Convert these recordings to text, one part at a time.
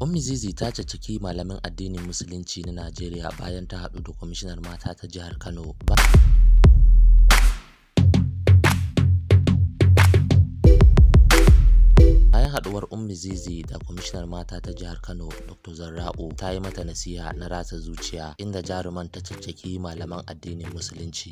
Ummi Zizi ta caccaki malamin addinin Musulunci na Najeriya bayan ta haɗu da kwamishinar mata ta jihar Kano. Bayan haɗuwar Ummi Zizi da kwamishinar mata ta jihar Kano Dr. Zarra'u ta yi mata nasiha na rasa zuciya inda jaruman ta caccaki malaman addinin Musulunci.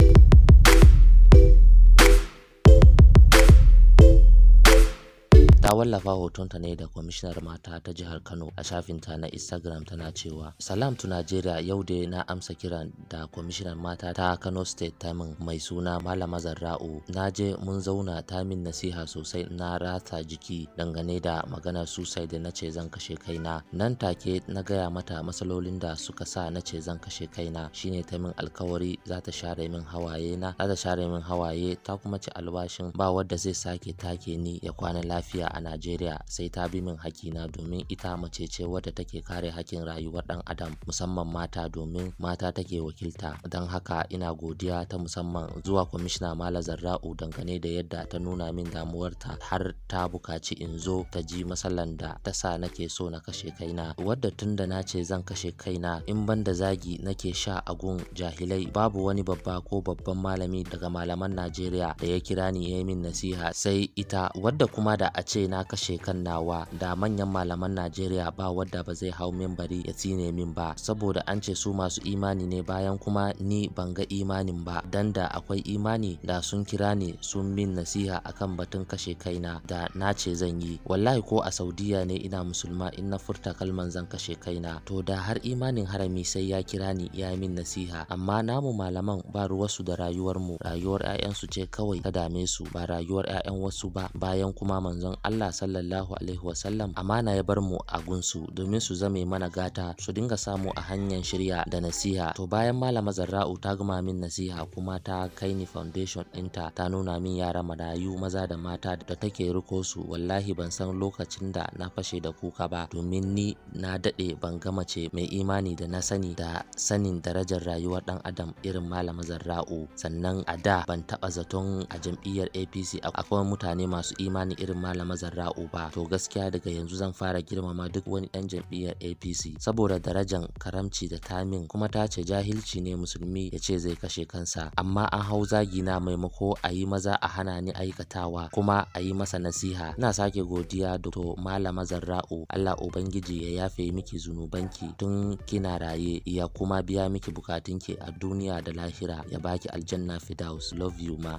ta wallafa hotonta ne da kwamishinar mata ta jihar Kano a shafinta na Instagram tana cewa Salam tu Najeriya yau dai na amsa kiran da kwamishinar mata ta Kano State ta min mai suna Malama Zarra'u na je mun zauna ta min nasiha sosai na rata jiki dangane da maganar suicide na ce zan kashe kaina nan take na gaya mata matsalolin da suka sa na ce zan kashe kaina shine ta min alkawari za ta share min hawaye na za ta share min hawaye ta kuma ci albashin ba wadda zai sake take ni ya kwana lafiya a Najeriya sai ta bi min na, domin ita mace ce wadda take kare hakkin rayuwar ɗan adam musamman mata domin mata take wakilta don haka ina godiya ta musamman zuwa kwamishina Mala Zarra'u dangane da yadda ta nuna min damuwarta har ta bukaci in zo ta ji masalan da ta sa nake so na kashe kaina wadda tun da na ce zan kashe kaina in ban da zagi nake sha a gun jahilai babu wani babba ko babban malami daga malaman Najeriya da ya kira ni ya yi min nasiha sai ita wadda kuma da a ce na kashe kan nawa da manyan malaman Najeriya ba wadda ba zai hau membari ya tsine min ba saboda an ce su masu imani ne bayan kuma ni ban ga imanin ba dan da akwai imani da sun kira ni sun min nasiha akan batun kashe kaina da na ce zan yi wallahi ko a Saudiya ne ina musulma in na furta kalman zan kashe kaina to da har imanin harami sai ya kira ni ya min nasiha amma namu malaman ba ruwarsu da rayuwar mu rayuwar 'ya'yansu ce kawai ta dame su ba rayuwar 'ya'yan wasu ba bayan kuma manzon Allah Allah sallallahu alaihi wasallam amana ya bar mu a gunsu domin su zame mana gata su dinga samu a hanyar shirya da nasiha to bayan malama zarra'u ta gama min nasiha kuma ta kai ni foundation ɗinta ta nuna min yara marayu maza da mata da take riko su wallahi ban san lokacin da na fashe da kuka ba domin ni na daɗe ban gama ce mai imani da na sani da sanin darajar rayuwar ɗan adam irin malama zarra'u sannan a da ban taɓa zaton a jam'iyyar apc akwai mutane masu imani irin malama Zarra'u ba to gaskiya daga yanzu zan fara girmama duk wani ɗan jam'iyyar APC saboda darajan karamci da tamin kuma ta ce jahilci ne musulmi ya ce zai kashe kansa amma an hau zagi na maimako a yi maza a hana ni aikatawa kuma a yi masa nasiha ina sake godiya da to Malama Zarra'u Allah ubangiji ya yafe miki zunubanki tun kina raye ya kuma biya miki bukatunki a duniya da lahira ya baki aljanna fidaus love you ma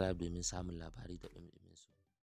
subscribe domin samun labarai da ɗumi su.